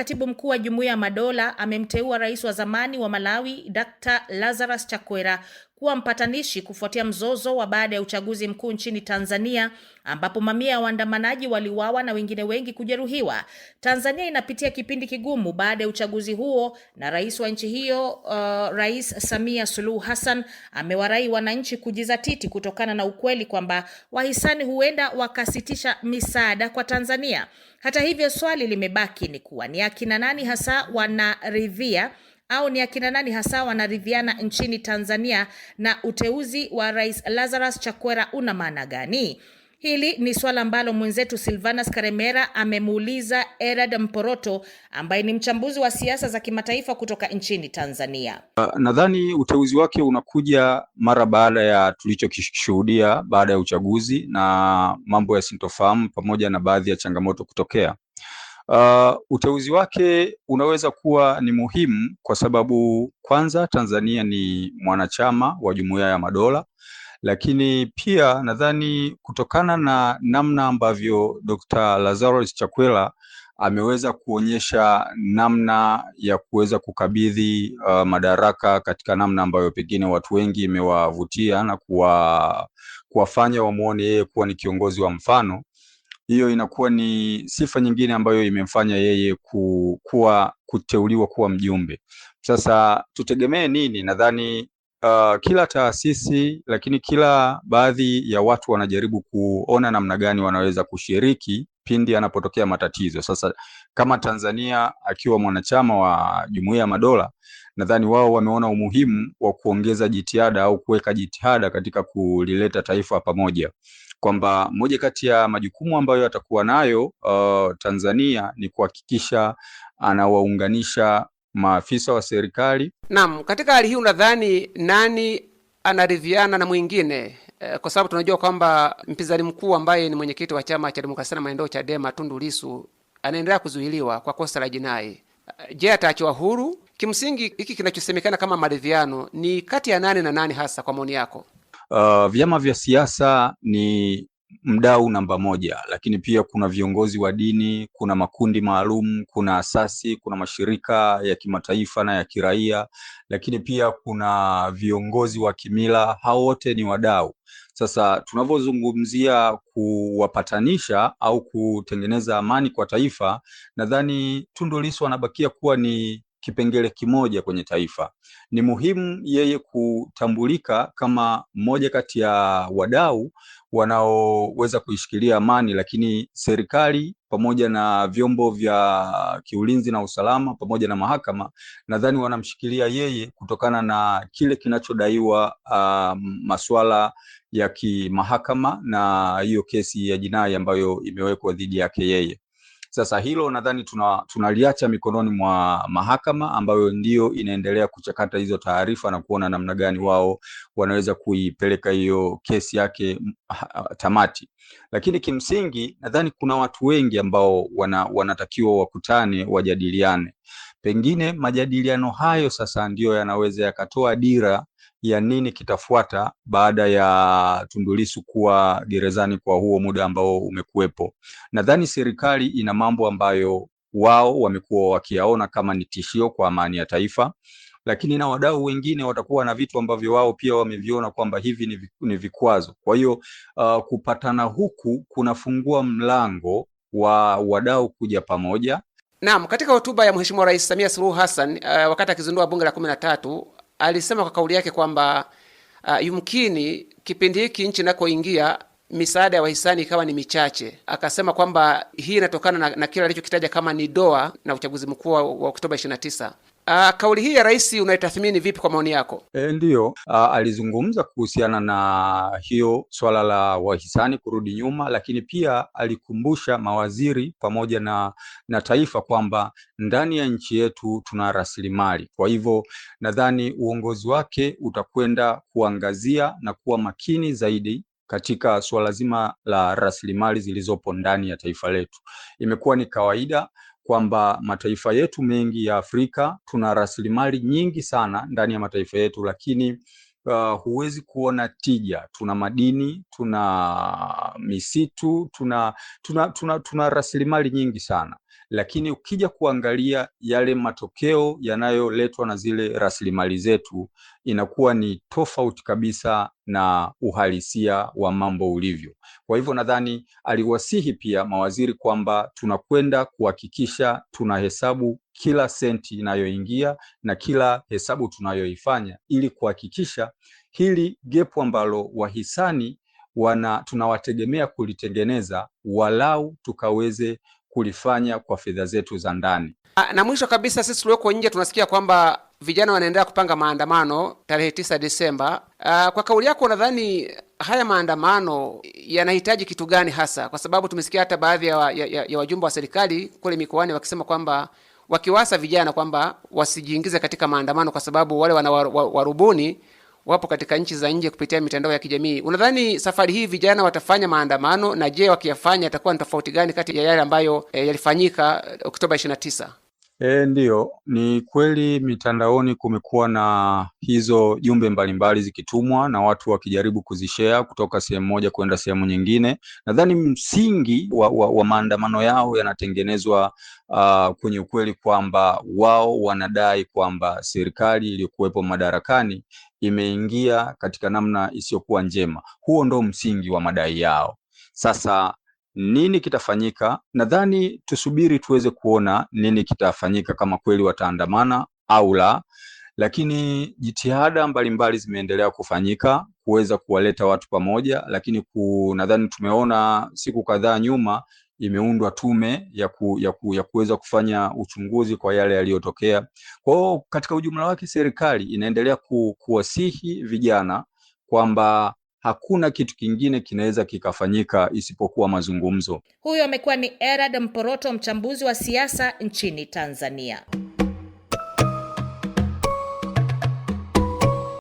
katibu mkuu wa Jumuiya ya Madola amemteua rais wa zamani wa Malawi Dr. Lazarus Chakwera kuwa mpatanishi kufuatia mzozo wa baada ya uchaguzi mkuu nchini Tanzania ambapo mamia ya waandamanaji waliuawa na wengine wengi kujeruhiwa. Tanzania inapitia kipindi kigumu baada ya uchaguzi huo na rais wa nchi hiyo uh, Rais Samia Suluhu Hassan amewarai wananchi kujizatiti kutokana na ukweli kwamba wahisani huenda wakasitisha misaada kwa Tanzania. Hata hivyo, swali limebaki ni kuwa ni akina nani hasa wanaridhia au ni akina nani hasa wanaridhiana nchini Tanzania na uteuzi wa Rais Lazarus Chakwera una maana gani? Hili ni swala ambalo mwenzetu Silvanus Karemera amemuuliza Erad Mporoto ambaye ni mchambuzi wa siasa za kimataifa kutoka nchini Tanzania. Uh, nadhani uteuzi wake unakuja mara baada ya tulichokishuhudia baada ya uchaguzi na mambo ya sintofahamu pamoja na baadhi ya changamoto kutokea. Uh, uteuzi wake unaweza kuwa ni muhimu kwa sababu kwanza, Tanzania ni mwanachama wa Jumuiya ya Madola, lakini pia nadhani kutokana na namna ambavyo Dr. Lazarus Chakwera ameweza kuonyesha namna ya kuweza kukabidhi uh, madaraka katika namna ambayo pengine watu wengi imewavutia na kuwa kuwafanya wamwone yeye kuwa ni kiongozi wa mfano hiyo inakuwa ni sifa nyingine ambayo imemfanya yeye kuwa kuteuliwa kuwa mjumbe. Sasa tutegemee nini? Nadhani uh, kila taasisi lakini kila baadhi ya watu wanajaribu kuona namna gani wanaweza kushiriki pindi anapotokea matatizo. Sasa kama Tanzania akiwa mwanachama wa Jumuiya ya Madola, nadhani wao wameona umuhimu wa kuongeza jitihada au kuweka jitihada katika kulileta taifa pamoja, kwamba moja kati ya majukumu ambayo atakuwa nayo uh, Tanzania ni kuhakikisha anawaunganisha maafisa wa serikali. Naam, katika hali hii unadhani nani anaridhiana na mwingine eh, Kwa sababu tunajua kwamba mpinzani mkuu ambaye ni mwenyekiti wa chama cha demokrasia na maendeleo Chadema, Tundu Lisu anaendelea kuzuiliwa kwa kosa la jinai. Eh, je, ataachiwa huru? Kimsingi, hiki kinachosemekana kama maridhiano ni kati ya nani na nani hasa, kwa maoni yako? Uh, vyama vya siasa ni mdau namba moja, lakini pia kuna viongozi wa dini, kuna makundi maalum, kuna asasi, kuna mashirika ya kimataifa na ya kiraia, lakini pia kuna viongozi wa kimila. Hao wote ni wadau. Sasa tunavyozungumzia kuwapatanisha au kutengeneza amani kwa taifa, nadhani Tundu Lissu anabakia kuwa ni kipengele kimoja kwenye taifa. Ni muhimu yeye kutambulika kama mmoja kati ya wadau wanaoweza kuishikilia amani, lakini serikali pamoja na vyombo vya kiulinzi na usalama pamoja na mahakama nadhani wanamshikilia yeye kutokana na kile kinachodaiwa uh, masuala ya kimahakama na hiyo kesi ya jinai ambayo imewekwa dhidi yake yeye. Sasa hilo nadhani tunaliacha tuna mikononi mwa mahakama ambayo ndio inaendelea kuchakata hizo taarifa na kuona namna gani wao wanaweza kuipeleka hiyo kesi yake tamati. Lakini kimsingi nadhani kuna watu wengi ambao wana, wanatakiwa wakutane wajadiliane. Pengine majadiliano hayo sasa ndiyo yanaweza yakatoa dira ya nini kitafuata baada ya Tundu Lissu kuwa gerezani kwa huo muda ambao umekuwepo. Nadhani serikali ina mambo ambayo wao wamekuwa wakiyaona kama ni tishio kwa amani ya taifa, lakini na wadau wengine watakuwa na vitu ambavyo wao pia wameviona kwamba hivi ni vikwazo. Kwa hiyo uh, kupatana huku kunafungua mlango wa wadau kuja pamoja. Naam, katika hotuba ya Mheshimiwa Rais Samia Suluhu Hassan uh, wakati akizindua bunge la kumi na tatu alisema kwa kauli yake kwamba uh, yumkini kipindi hiki nchi inakoingia misaada ya wahisani ikawa ni michache. Akasema kwamba hii inatokana na, na kile alichokitaja kama ni doa na uchaguzi mkuu wa Oktoba 29. Uh, kauli hii ya rais unaitathmini vipi kwa maoni yako? E, eh, ndiyo. Uh, ah, alizungumza kuhusiana na hiyo swala la wahisani kurudi nyuma, lakini pia alikumbusha mawaziri pamoja na, na taifa kwamba ndani ya nchi yetu tuna rasilimali. Kwa hivyo nadhani uongozi wake utakwenda kuangazia na kuwa makini zaidi katika suala zima la rasilimali zilizopo ndani ya taifa letu. Imekuwa ni kawaida kwamba mataifa yetu mengi ya Afrika tuna rasilimali nyingi sana ndani ya mataifa yetu, lakini uh, huwezi kuona tija. Tuna madini, tuna misitu, tuna, tuna, tuna, tuna rasilimali nyingi sana, lakini ukija kuangalia yale matokeo yanayoletwa na zile rasilimali zetu inakuwa ni tofauti kabisa na uhalisia wa mambo ulivyo. Kwa hivyo nadhani aliwasihi pia mawaziri kwamba tunakwenda kuhakikisha tunahesabu kila senti inayoingia na kila hesabu tunayoifanya ili kuhakikisha hili gepu ambalo wahisani wana tunawategemea kulitengeneza walau tukaweze kulifanya kwa fedha zetu za ndani. Ah, na mwisho kabisa, sisi tulioko nje tunasikia kwamba vijana wanaendelea kupanga maandamano tarehe tisa Desemba. Ah, kwa kauli yako, nadhani haya maandamano yanahitaji kitu gani hasa? Kwa sababu tumesikia hata baadhi ya, wa, ya, ya wajumbe wa serikali kule mikoani wakisema kwamba wakiwasa vijana kwamba wasijiingize katika maandamano kwa sababu wale wana warubuni wapo katika nchi za nje kupitia mitandao ya kijamii. Unadhani safari hii vijana watafanya maandamano? Na je, wakiyafanya yatakuwa ni tofauti gani kati ya yale ambayo e, yalifanyika Oktoba 29? E, ndiyo ni kweli mitandaoni kumekuwa na hizo jumbe mbalimbali zikitumwa na watu wakijaribu kuzishare kutoka sehemu moja kwenda sehemu nyingine. Nadhani msingi wa, wa, wa maandamano yao yanatengenezwa uh, kwenye ukweli kwamba wao wanadai kwamba serikali iliyokuwepo madarakani imeingia katika namna isiyokuwa njema. Huo ndo msingi wa madai yao. Sasa nini kitafanyika. Nadhani tusubiri tuweze kuona nini kitafanyika, kama kweli wataandamana au la, lakini jitihada mbalimbali zimeendelea kufanyika kuweza kuwaleta watu pamoja, lakini nadhani tumeona siku kadhaa nyuma imeundwa tume ya, ku, ya, ku, ya kuweza kufanya uchunguzi kwa yale yaliyotokea. Kwa hiyo katika ujumla wake serikali inaendelea ku, kuwasihi vijana kwamba hakuna kitu kingine kinaweza kikafanyika isipokuwa mazungumzo. Huyo amekuwa ni Erad Mporoto, mchambuzi wa siasa nchini Tanzania.